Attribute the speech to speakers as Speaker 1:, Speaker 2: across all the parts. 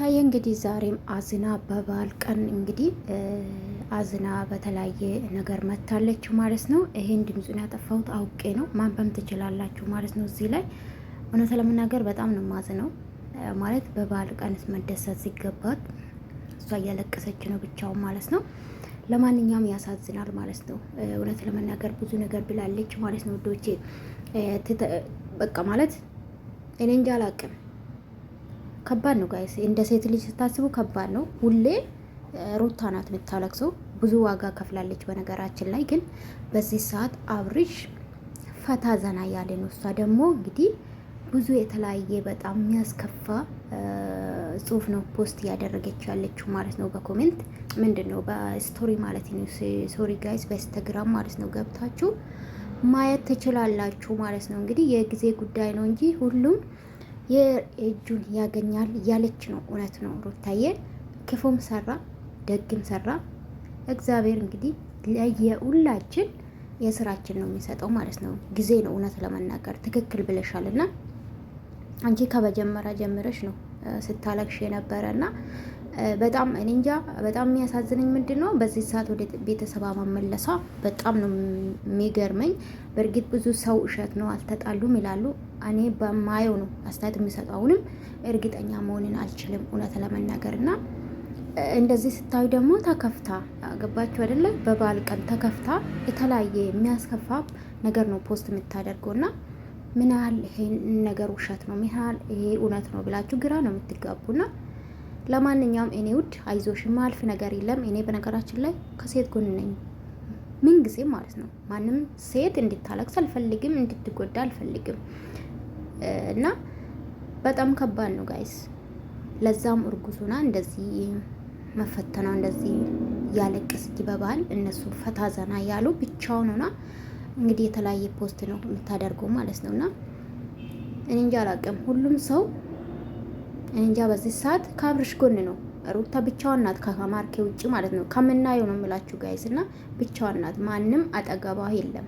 Speaker 1: ሩታዬ እንግዲህ ዛሬም አዝና በባል ቀን እንግዲህ አዝና በተለያየ ነገር መታለችው ማለት ነው። ይሄን ድምፁን ያጠፋሁት አውቄ ነው። ማንበም ትችላላችሁ ማለት ነው። እዚህ ላይ እውነት ለመናገር በጣም ነው ማዝነው ማለት በባል ቀን መደሰት ሲገባት እሷ እያለቀሰች ነው ብቻውን ማለት ነው። ለማንኛውም ያሳዝናል ማለት ነው። እውነት ለመናገር ብዙ ነገር ብላለች ማለት ነው። ዶቼ በቃ ማለት እኔ እንጃ አላቅም ከባድ ነው ጋይስ። እንደ ሴት ልጅ ስታስቡ ከባድ ነው። ሁሌ ሩታ ናት የምታለቅሰው። ብዙ ዋጋ ከፍላለች። በነገራችን ላይ ግን በዚህ ሰዓት አብርሽ ፈታ ዘና ያለ ነው። እሷ ደግሞ እንግዲህ ብዙ የተለያየ በጣም የሚያስከፋ ጽሁፍ ነው ፖስት እያደረገች ያለችው ማለት ነው። በኮሜንት ምንድን ነው በስቶሪ ማለት ነው። ሶሪ ጋይስ በኢንስታግራም ማለት ነው ገብታችሁ ማየት ትችላላችሁ ማለት ነው። እንግዲህ የጊዜ ጉዳይ ነው እንጂ ሁሉም የእጁን ያገኛል እያለች ነው። እውነት ነው ሩታዬ፣ ክፉም ሰራ ደግም ሰራ እግዚአብሔር እንግዲህ ለየሁላችን የስራችን ነው የሚሰጠው ማለት ነው። ጊዜ ነው እውነት ለመናገር ትክክል ብለሻል። እና አንቺ ከመጀመሪያ ጀምረሽ ነው ስታለቅሽ የነበረ እና በጣም እኔ እንጃ በጣም የሚያሳዝነኝ ምንድን ነው በዚህ ሰዓት ወደ ቤተሰብ መመለሷ በጣም ነው የሚገርመኝ። በእርግጥ ብዙ ሰው እሸት ነው አልተጣሉም ይላሉ እኔ በማየው ነው አስተያየት የሚሰጠው። አሁንም እርግጠኛ መሆንን አልችልም እውነት ለመናገር እና እንደዚህ ስታዩ ደግሞ ተከፍታ ገባችሁ አይደለ? በበዓል ቀን ተከፍታ የተለያየ የሚያስከፋ ነገር ነው ፖስት የምታደርገው እና ምን ያህል ይሄ ነገር ውሸት ነው፣ ምን ያህል ይሄ እውነት ነው ብላችሁ ግራ ነው የምትጋቡና ለማንኛውም እኔ ውድ አይዞሽ ማልፍ ነገር የለም። እኔ በነገራችን ላይ ከሴት ጎን ነኝ ምን ጊዜ ማለት ነው። ማንም ሴት እንድታለቅስ አልፈልግም፣ እንድትጎዳ አልፈልግም። እና በጣም ከባድ ነው ጋይስ። ለዛም እርጉዙና እንደዚህ መፈተኗ እንደዚህ ያለቀስ ይበባል። እነሱ ፈታ ዘና ያሉ ብቻውን ሆና እንግዲህ የተለያየ ፖስት ነው የምታደርገው ማለት ነው። እና እኔ እንጃ አላውቅም። ሁሉም ሰው እኔ እንጃ በዚህ ሰዓት ከአብርሽ ጎን ነው። ሩታ ብቻዋን ናት ከማርኬ ውጭ ማለት ነው። ከምናየው ነው የምላችሁ ጋይስ። እና ብቻዋን ናት፣ ማንም አጠገቧ የለም።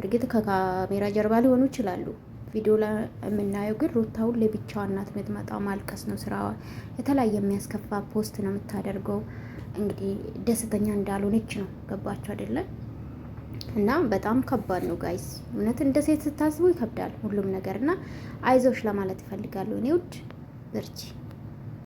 Speaker 1: እርግጥ ከካሜራ ጀርባ ሊሆኑ ይችላሉ ቪዲዮ ላይ የምናየው ግን ሩታ ሁሌ እናት የምትመጣ። ማልቀስ ነው ስራዋ። የተለያየ የሚያስከፋ ፖስት ነው የምታደርገው። እንግዲህ ደስተኛ እንዳልሆነች ነው። ገባቸው አይደለም? እና በጣም ከባድ ነው ጋይስ። እውነት እንደ ሴት ስታስቡ ይከብዳል ሁሉም ነገር እና አይዞሽ ለማለት ይፈልጋለሁ እኔ ውድ